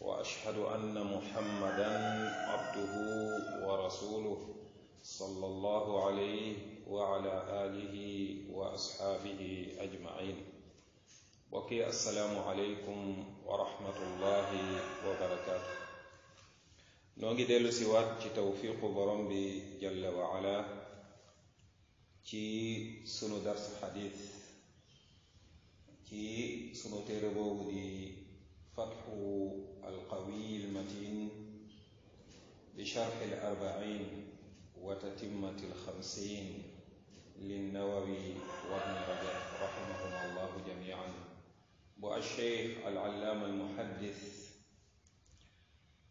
واشهد ان محمدا عبده ورسوله صلى الله عليه وعلى اله واصحابه اجمعين وكي السلام عليكم ورحمه الله وبركاته نوغي ديلو سيوات تي توفيق بروم بي جل وعلا تي سنو درس حديث تي سنو تيربو دي فتح القوي المتين بشرح الأربعين وتتمة الخمسين للنووي وابن رجب رحمهما الله جميعا والشيخ العلامة المحدث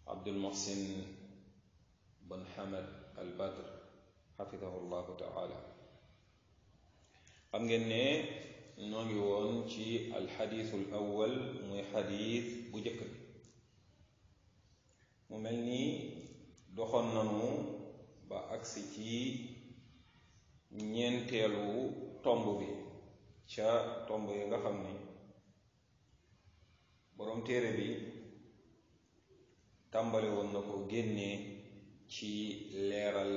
عبد المحسن بن حمد البدر حفظه الله تعالى xam noo ngi woon ci alxadiisul awal muy xadiis bu jëkk bi mu mel ni doxoon nanu ba agsi ci ñeenteelu tomb bi ca tomb yi nga xam ni boroom téere bi tàmbali woon na ko génnee ci leeral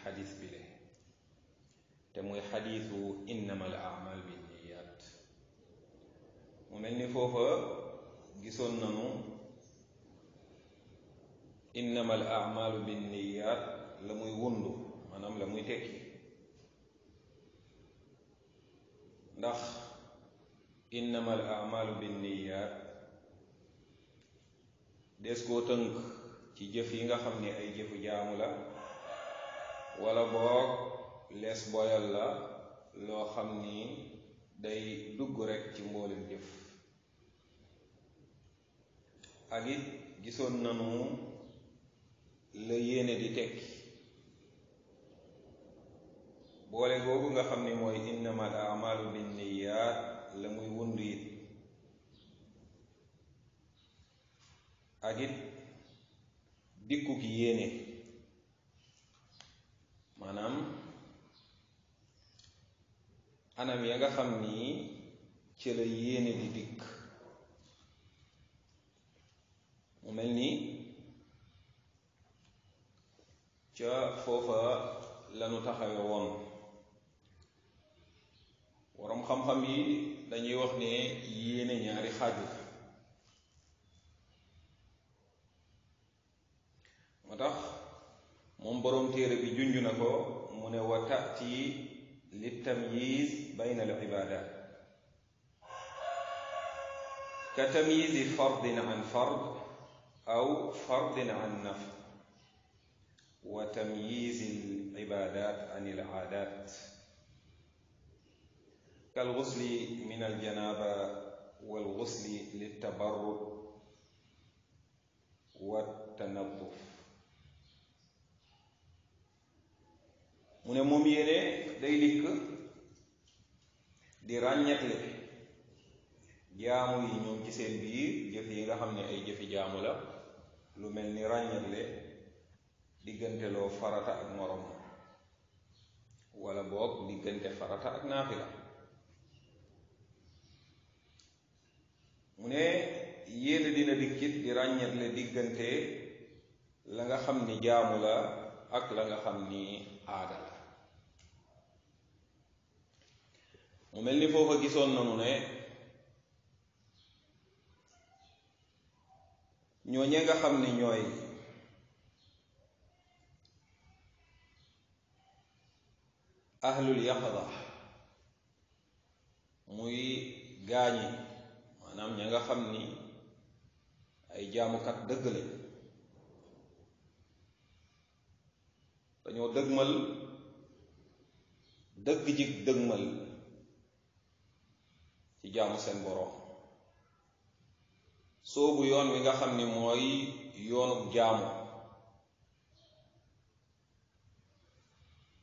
xadiis bi le te muy xadiisu innamal a'maal bi mu mel ni foofa gisoon nanu innama al amalu binniyat la muy wundu maanaam la muy tekki ndax innama al amalu binniyat des koo tënk ci jëf yi nga xam ni ay jëfu jaamu la wala boog lees boyal la loo xam ni day dugg rek ci mboolem jëf ak it gisoon nanu la yéene di tekki boole googu nga xam ne mooy innama al amalu binniyat la muy wundu it ak it dikku ki yéene maanaam anam ya nga xam ni ci la yéene di dikk mu mel ni ca foofa lanu taxawe woon waroom xam-xam yi dañuy wax ne yéene ñaari xaaju moo tax moom boroom téere bi junj na ko mu ne wa tati li tamyiz بين العبادات كتمييز فرض عن فرض أو فرض عن نفل وتمييز العبادات عن العادات كالغسل من الجنابة والغسل للتبرد والتنظف من ne moom di ràññetle jaamu yi ñoom ci seen biir jëf yi nga xam ne ay jëfi jaamu la lu mel ni ràññetle digganteloo farata ak morom wala boog diggante farata ak naafila mu ne yéene dina dikkit di ràññetle diggante la nga xam ni jaamu la ak la nga xam ni aada mu mel ni foofa gisoon nanu ne ñooñe nga xam ne ñooy ahlul yaqada muy gaañi maanaam ña nga xam ni ay jaamukat dëgg lañ dañoo dëgmal dëgg ji dëgmal ci jaamu seen borom soobu yoon wi nga xam ni mooy yoonub jaamu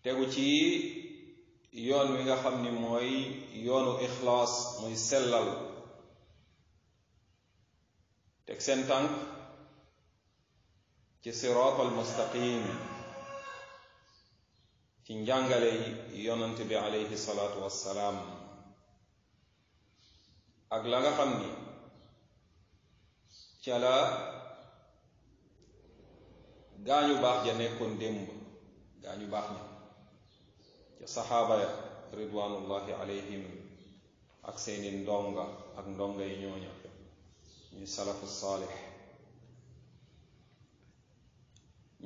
tegu ci yoon wi nga xam ni mooy yoonu ixlaas muy sellal teg seen tànk ci siraat al mustaqim ci njàngale yi yonante bi alayhi salaatu wassalaam ak la nga xam ni ca la gaañu baax ja nekkoon démb gaañu baax ña ca saxaaba ya ridwanullahi alayhim ak seeni ndonga ak ndonga yi ñooña ñuy salafu saalix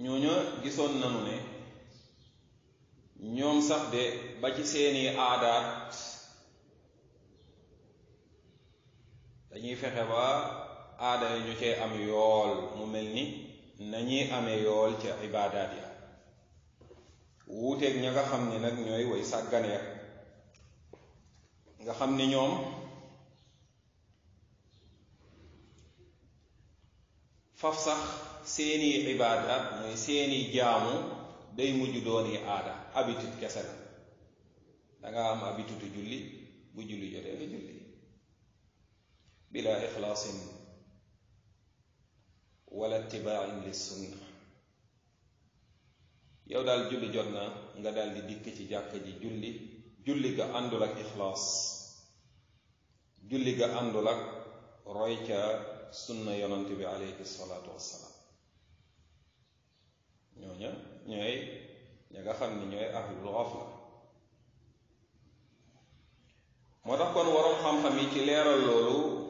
ñooña gisoon nanu ne ñoom sax de ba ci seeni aadaat dañuy fexe ba aadama ñu cee am yool mu mel ni nañuy amee yool ca ibadaat ya wuuteeg ña nga xam ne nag ñooy way sàgganeer nga xam ni ñoom faf sax seeni ibadat mooy seeni jaamu day mujj dooni aada habitude kese la da nga am habitude julli bu julli jotee nga julli bila ixlaasin wala itibaain lissunna yow daal julli jot na nga daal dikk ci jàkk ji julli julli ga àndul ak ixlaas julli ga àndul ak roy ca sunna yonant bi aleyhi salaatu wassalaam ñooña ñooy ña nga xam ni ñooy ahlul xafla moo tax kon waroon xam-xam yi ci leeral loolu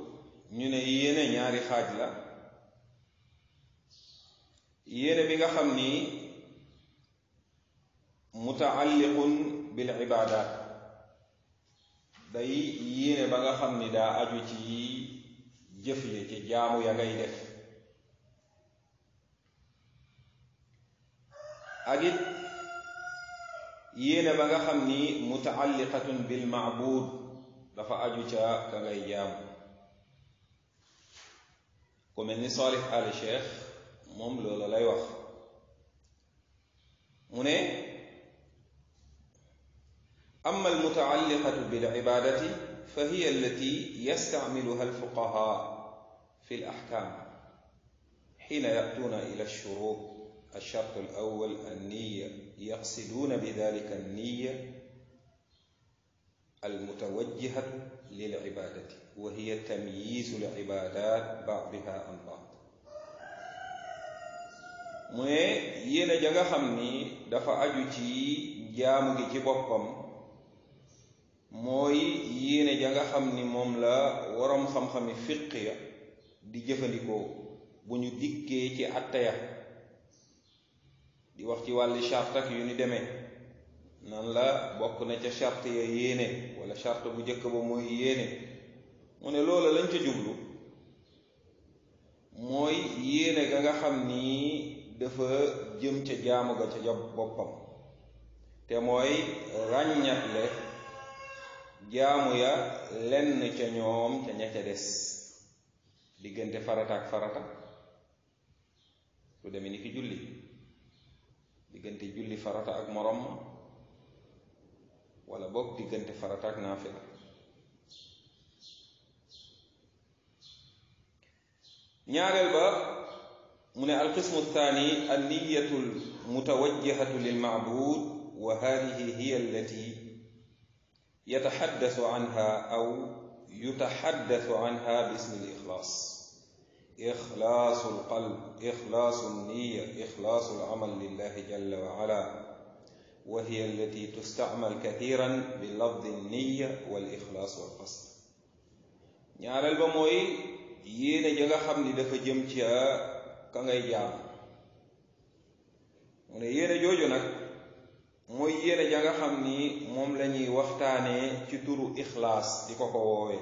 ñu ne yéene ñaari xaaj la yéene bi nga xam ni mutaalliqun bil ibadat day yéene ba nga xam ni daa aju ci jëf yi ci jaamu ya ngay def ak it yéene ba nga xam ni mutaalliqatun bil ma'bud dafa aju ca ka ngay jaamu كومني صالح آل شيخ مم لولا لا يوفى منين أما المتعلقة بالعبادة فهي التي يستعملها الفقهاء في الأحكام حين يأتون إلى الشروط الشرط الأول النية يقصدون بذلك النية المتوجهة للعبادة وهي تمييز العبادات بعضها عن بعض moye yéena ja nga xam ni dafa aju ci jaamu gi ci boppam mooy yéene ja nga xam ni moom la waroom xam-xami fiq ya di jëfandikoo bu ñu dikkee ci attaya di wax ci wàlli charte ak yu ni demee nan la bokk na ca charte ya yéene wala charte bu njëkk ba mooy yéene mu ne loola lañ ca jublu mooy yéene ga nga xam ni dafa jëm ca jaamu ga ca boppam te mooy ràññatle jaamu ya lenn ca ñoom ca ña ca des diggante farata ak farata lu demee ni ki julli diggante julli farata ak morom wala bok digënté farata ak nafila ñaareel ba mu ne al qismu thani niyyatu al mutawajjihatu lil ma'bud wa hadhihi hiya allati yatahaddathu anha aw yutahaddathu anha bi bismi alixlaas ikhlas alqalb ixlaasu alniya ixlaasu alamal lillahi jalla wa ala وهي التي تستعمل كثيرا بلفظ النية والإخلاص والقصد نعرى البموي يين جغا خمد دفا جمتيا كنغي جام ونه يين جوجو نك موي يين جغا خمد موم لني وقتاني تطورو إخلاص دي كوكو ووي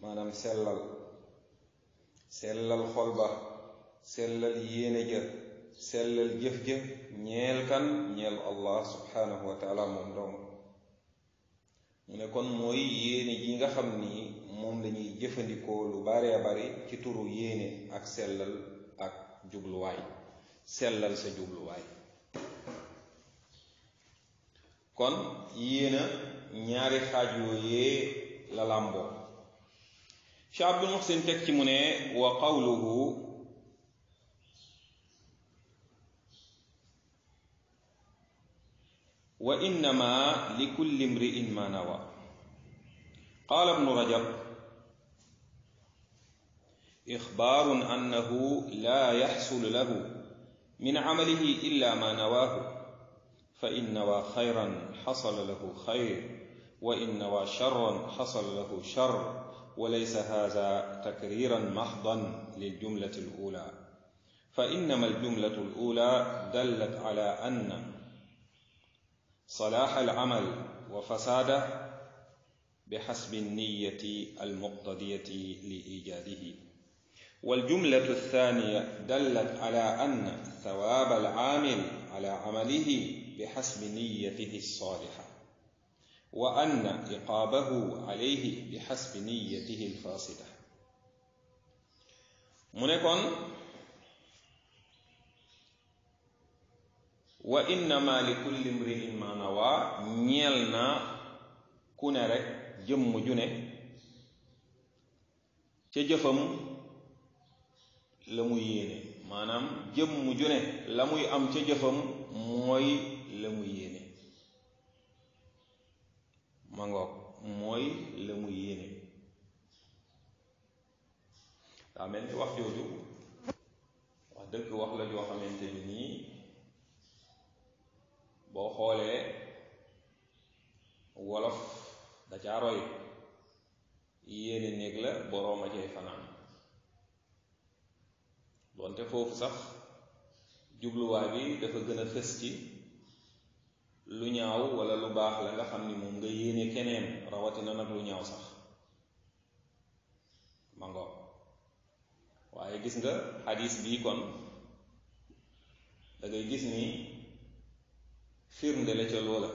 ما نم سلل سلل خلبة سلل يين جغا sellal jëf-jëf ñeel kan ñeel allah subhanahu moom dong mu ne kon mooy yéene ji nga xam ni moom lañuy jëfandikoo lu bare bari ci turu yéene ak sellal ak jubluwaay sellal sa jubluwaay kon yéena ñaari xaaj yooyee la làmboo Cheikh Abdul teg ci mu ne wa qawluhu وإنما لكل امرئ ما نوى قال ابن رجب إخبار أنه لا يحصل له من عمله إلا ما نواه فإن نوى خيرا حصل له خير وإن نوى شرا حصل له شر وليس هذا تكريرا محضا للجملة الأولى فإنما الجملة الأولى دلت على أن صلاح العمل وفساده بحسب النية المقتضية لإيجاده والجملة الثانية دلت على أن ثواب العامل على عمله بحسب نيته الصالحة وأن عقابه عليه بحسب نيته الفاسدة منكم wa innama li kulli imri'in ma nawa ñelna kune rek jëmmu june ca jëfam la muy yéene maanaam jëmmu june la muy am ca jëfam mooy la muy yéene ma ngoog mooy la muy yéene daa mel ni wax jooju wax dëgg wax la joo xamante ni nii boo xoolee wolof da caa roy yéene néeg la boroom a cay fanaan donte foofu sax jubluwaay bi dafa gën a fës ci lu ñaaw walla lu baax la nga xam ni moom nga yéene keneen rawatina nag lu ñaaw sax mango waaye gis nga xadiis bii kon da gis nii firnde la ca loola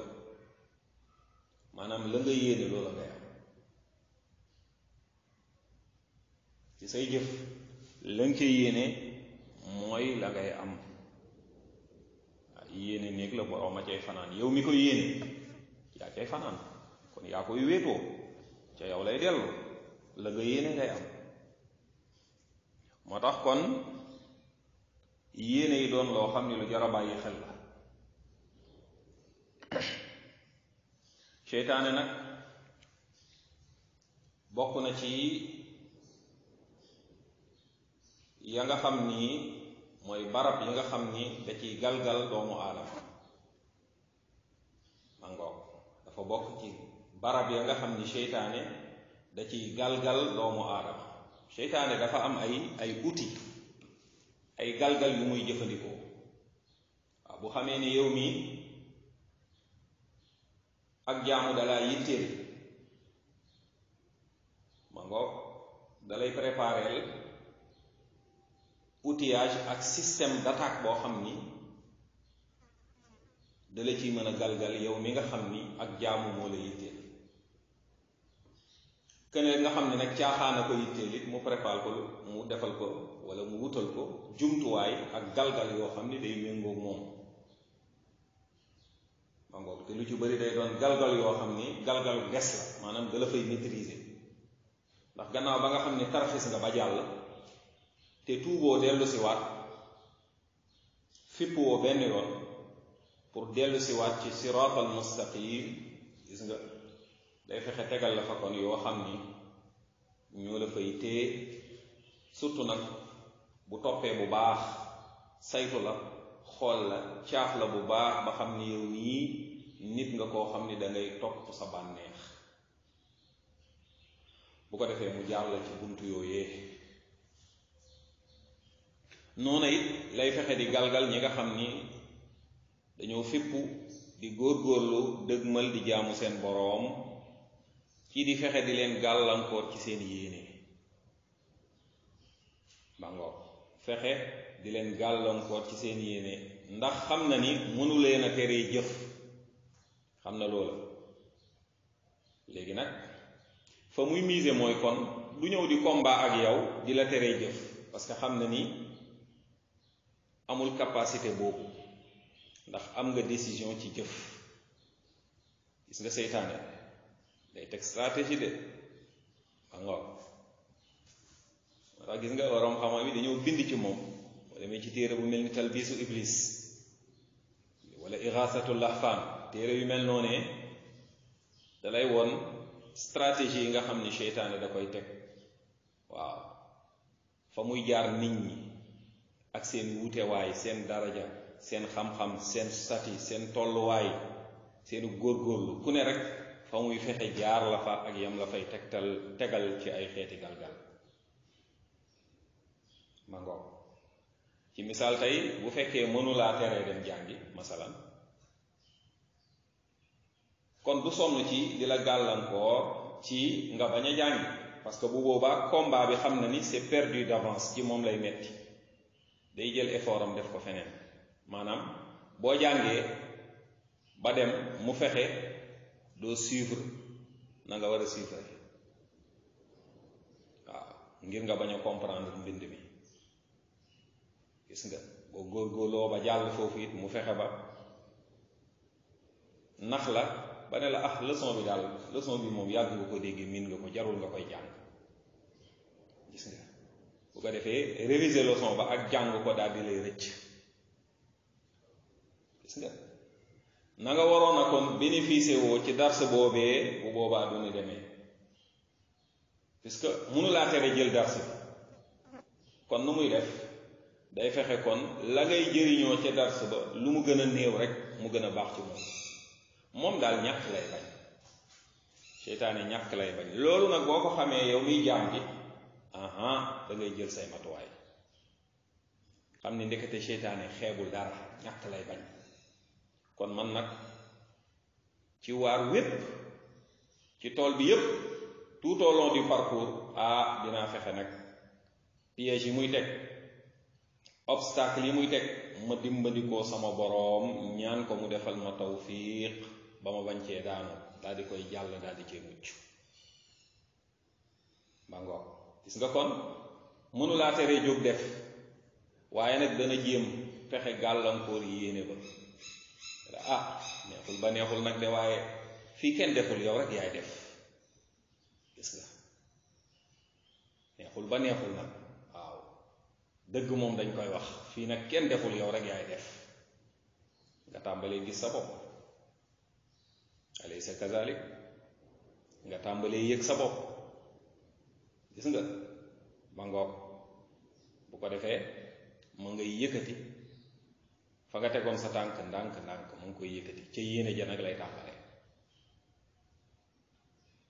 maanaam la nga yéene loola ngay am ci say jëf la nga koy yéene mooy la ngay am yéene néeg la boroom a cay fanaan yow mi ko yéene yaa cay fanaan kon yaa koy wéetoo ca yow lay dellu la nga yéene ngay am moo tax kon yéene yi doon loo xam ne lu jar a xel la seytaane nag bokk na ci ya nga xam ni mooy barab yi nga xam ni da ciy galgal doomu aadama mangook dafa bokk ci barab ya nga xam ni seytaane da ciy galgal doomu aadama seytaane dafa am ay ay outi ay galgal yu muy jëfandikoo waaw bu xamee ni yow mii ak jaamu dalaa yitteel ma dalay prépareel outillage ak système d'attaque boo xam ni dala ci mën a galgal yow mi nga xam ni ak jaamu moo la yitteel keneen nga xam ne nag caaxaana ko yitteel it mu préparé ko mu defal ko wala mu wutal ko jumtuwaay ak galgal yoo xam ni day méngoo moom ma te lu ci bëri day doon galgal yoo xam ni galgal des la maanaam da la fay maîtriser ndax gannaaw ba nga xam ne tarxis nga ba jàll te tuuboo dellu si waat fipp woo benn yoon pour dellu si waat ci siraatal mustaqim gis nga day fexe tegal la fa kon yoo xam ni ñoo la fay téye surtout nag bu toppee bu baax saytu la xol la caaf la bu baax ba xam ni yow nii nit nga koo xam ni da ngay topp sa bànneex bu ko defee mu jaar la ci buntu yooyee noona it lay fexe di galgal ñi nga xam ni dañoo fippu di góorgóorlu dëgmal di jaamu seen boroom ci di fexe di leen gàllankoor ci seen yéene bango fexe di leen gàllankoor ci seen yéene ndax xam na ni mënu leen a teree jëf xam na loola léegi nag fa muy mise mooy kon du ñëw di combat ak yow di la teree jëf parce que xam na ni amul capacité boobu ndax am nga décision ci jëf gis nga seytaane day teg stratégie de ba ngoor gis nga waroom xam-xam yi dañoo bind ci moom demee ci téere bu mel ni talbiisu iblis wala iraasatul lahfan téere yu mel noonee dalay won stratégie yi nga xam ni seytaane da koy teg waaw fa muy jaar nit ñi ak seen wuutewaay seen daraja seen xam-xam seen sati seen tolluwaay seenu góorgóorlu ku ne rek fa muy fexe jaar la fa ak yam la fay tegtal tegal ci ay xeeti galgal ma ngoog ci misaal tey bu fekkee mënulaa teree dem jàngi masalan kon du sonn ci di la gàllankoor ci nga bañ a jàngi parce que bu boobaa combat bi xam na ni c'est perdu d'avance ci moom lay metti day jël effort def ko feneen maanaam boo jàngee ba dem mu fexe doo suivre na nga war a suivre waaw ngir nga bañ a comprendre mbind mi gis nga boo góorgóorloo ba jàll foofu it mu fexe ba nax la ba ne la ah leçon bi daal leçon bi moom yàgg nga ko déggee miin nga ko jarul nga koy jàng gis nga bu ko defee réviser leçon ba ak jàng ko daal di lay rëcc gis nga na waroon a kon bénéficier woo ci dars boobee bu boobaa du ni demee puisque mënu laa tere jël dars kon nu muy def day fexe kon la ngay jëriñoo ca dars ba lu mu gën a néew rek mu gën a baax ci moom moom daal ñàkk lay bañ seytaane ñàkk lay bañ loolu nag boo ko xamee yow miy jaam bi aha da jël say matuwaay xam ni ndekete seytaane xeebul dara ñàkk lay bañ kon man nag ci waar wépp ci tool bi yëpp tout au parcours ah dinaa fexe nag piège yi muy teg obstacle yi muy teg ma dimbandikoo sama boroom ñaan ko mu defal ma tawfiq ba ma bañ cee daanu daal di koy jàll daal di cee mucc ba gis nga kon mënulaa teree jóg def waaye nag dana jéem fexe gàllankoor yéene ba ah neexul ba neexul nag de waaye fii kenn deful yow rek yaay def gis nga neexul ba neexul nag dëgg moom dañ koy wax fii nag kenn deful yow rek yaay def nga tàmbalee gis sa bopp alaysa kazalik nga tàmbalee yëg sa bopp gis nga ma ngoog bu ko defee mu ngay yëkkati fa nga tegoon sa tànk ndànk ndànk mu ngi koy yëkkati ca yéene ja nag lay tàmbalee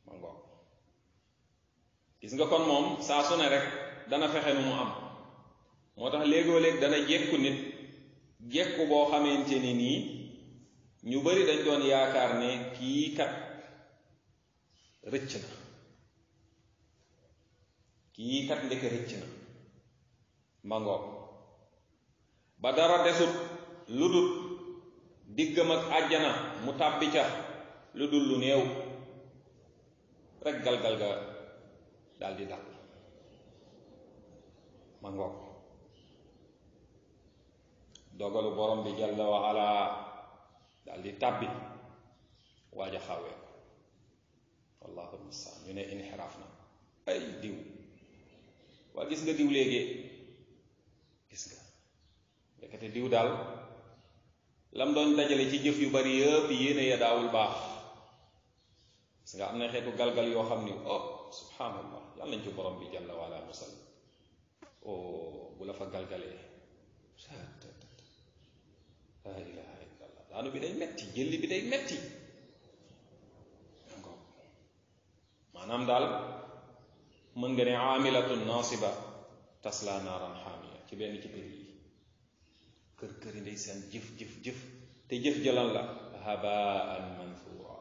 ma ngoog gis nga kon moom saa su rek dana fexe nu mu am moo tax léegoo léeg dana jekku nit jekku boo xamante ni nii ñu bari dañ doon yaakaar ne kii kat rëcc na kii kat ndeke rëcc na mbangoog ba dara desut lu dul diggam ak àjjana mu tàbbi ca lu dul lu néew rek galgal ga daldi dal mbangoog dogalu borom bi jalla wa ala dal di tabbi waja xawé wallahu mustaan ñu ne inhirafna ay diw wa gis nga diw légué gis nga ndekete diw dal lam doon dajale ci jëf yu bari yëpp yéne ya daawul baax gis nga amna xétu galgal yo xamni oh subhanallah yàlla nañ ci borom bi jalla wa ala musal oh bu la fa galgalee laa ilaha illallah laanu bi day metti jëlli bi day metti maanaam daal mën nga ne aamilatun nasiba tasla naaran xaamiya ci benn ci pér yi kër këri ndey seen jëf jëf jëf te jëf jalan la habaan manthura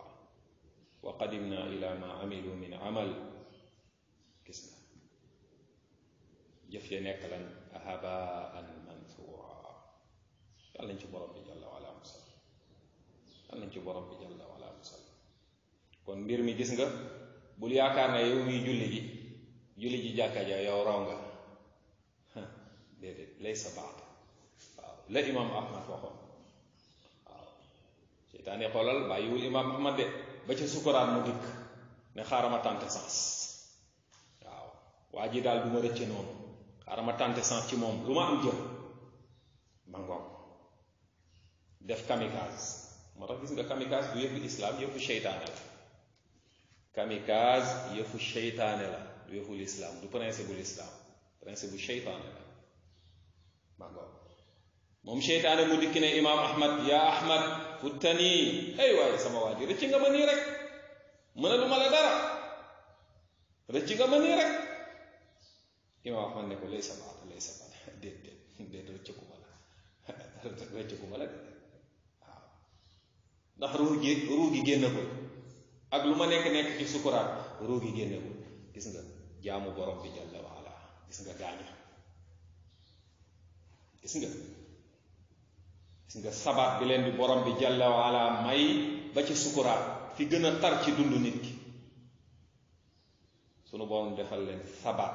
wa qadimna ila ma amilu min amal gis na jëf ya nekk lan habaan yàlla nañ ci borom bi jàlla wala musal yàlla nañ ci borom bi jàlla wala musal kon mbir mi gis nga bul yaakaar na yow muy julli ji julli ji jàkka ja yow raw nga déedéet lay sa baax waaw la imaam ahmad waxoon waaw seytaane xoolal bàyyiwul imaam ahmad de ba ca sukkuraan mu dikk ne xaaral ma tànte sens waaw waa ji daal du ma rëcce noonu xaaral ma tànte sens ci moom lu ma am ma ngoog def kamikaze motax gis nga kamikaze du yëfu islam yëfu seytaane la kamikaze yëfu seytaane la du yëfu l'islam du prince bu l'islam prince bu seytaane la maa mom moom seytaane mu dikki imam ahmad ya ahmad futani ay waaye sama waa ji rëcc nga ma nii rek mëna duma la dara rëcc nga ma nii rek imam ahmad ne ko lay sabaat lay sabaat déet déet do ci ko ma do ci ko wala ndax ruu gi ruu gi ak lu ma nekk nekk ci sukuraat ruu gi génnagul gis nga jaamu borom bi jàlla waala gis nga gaaña gis nga gis nga sabaat bi leen bi borom bi jàlla waala may ba ci sukuraat fi gën a tar ci dund nit ki sunu borom defal leen sabaat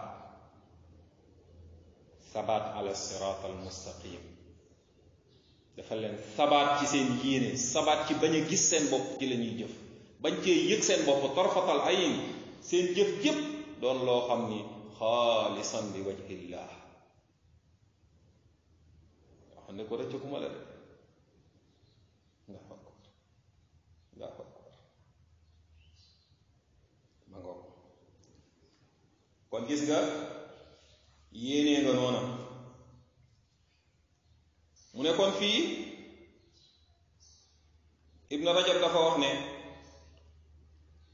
sabaat ala siraat al mustaqim dafa leen sabaat ci seen yéene sabaat ci bañ a gis seen bopp ci la ñuy jëf bañ cee yëg seen bopp torfatal ayin seen jëf yépp doon loo xam ni xaalisan li wajhillah yoo la nga ko nga xam kon gis nga yéenee nga noona mu ne kon fii ibn rajab dafa wax ne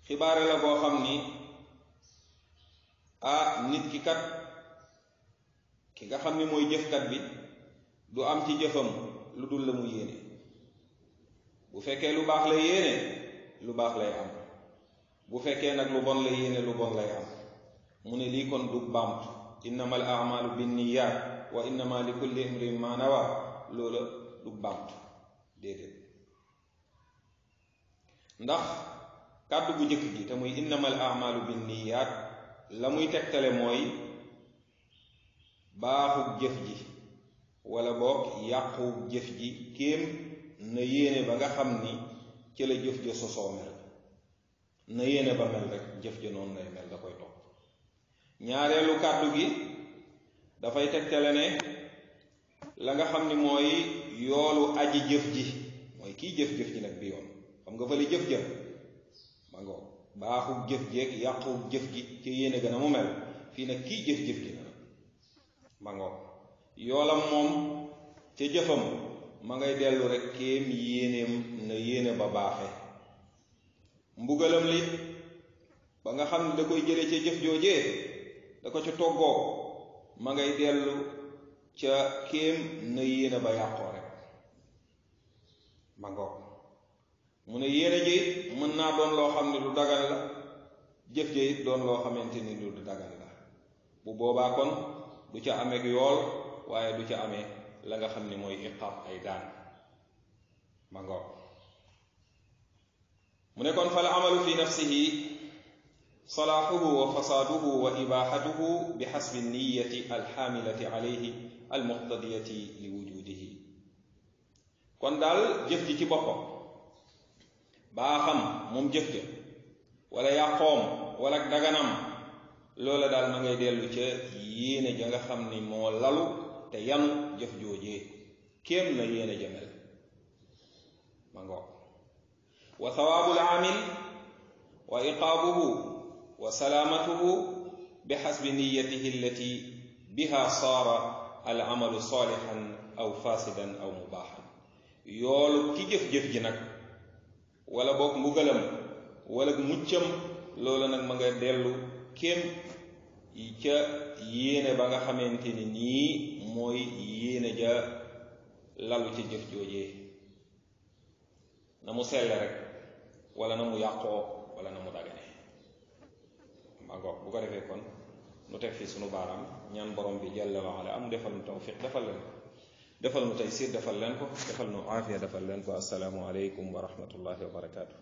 xibaare la boo xam ni ah nit ki kat ki nga xam ni mooy jëfkat bi du am ci jëfam lu dul la mu yéene bu fekkee lu baax la yéene lu baax lay am bu fekkee nag lu bon la yéene lu bon lay am mu ne lii kon du bàmt innama al amalu binniyat wa innama li kulli imrin ma nawa loola lu bant déedéet ndax kàddu bu njëkk gi te muy innamal amalu bin niyaat la muy tegtale mooy baaxub jëf ji wala boog yàqu jëf ji kéem na yéene ba nga xam ni ci la jëf ja sosoo mel na yéene ba mel rek jëf ja noonu lay mel da koy topp ñaareelu kàddu gi dafay tegtale ne la nga xam ni mooy yoolu aji jëf ji mooy kii jëf-jëf ji nag bi yoon xam nga fële jëf-jëf ma ngo baaxu jëf jeeg yàqu jëf gi ci yéene gën a mu mel fii nag kii jëf-jëf ji nag ma ngo yoolam moom ca jëfam ma ngay dellu rekk kéem yéeneem na yéene ba baaxe mbugalam li ba nga xam ne da koy jëlee ca jëf joojee da ko ca toggoo ma ngay dellu ca kéem na yéene ba yàqoo rek ma mu ne yéene ji mën naa doon loo xam ne lu dagan la jëf ji it doon loo xamante ni lu dagan la bu boobaa kon du ca ameeg yool waaye du ca amee la nga xam ni mooy iqaab ay daan ma ngoog mu ne kon fal amalu fi nafsihi صلاحه وفساده وإباحته بحسب النية الحاملة عليه المقتضية لوجوده كون دال جفتي تي بوكو باخام موم جفتي ولا يقوم ولا دغنام لولا دال ماغي ديلو تي يينا جاغا خامني مو لالو تا يانو جف جوجي كيم لا يينا جمل مانغو وثواب العامل وإقابه وسلامته بحسب نيته التي بها صار العمل صالحا أو فاسدا أو مباحا يول كي جف جف جنك ولا بوك مغلم ولا مجم لولا نك مغا ديلو كيم يكا yéene باغا nga ني موي nii جا لالو تي جف جوجي نمو سيل رك ولا نمو rek ولا نمو دا ngoog bu ko defee kon nu teg fii sunu baaraam ñaan borom bi jalla waala am defal nu tawfiq defal leen ko defal nu taysir defal leen ko defal nu aafiya defal leen ko asalaamu aleykum wa rahmatullahi wa barakaatu.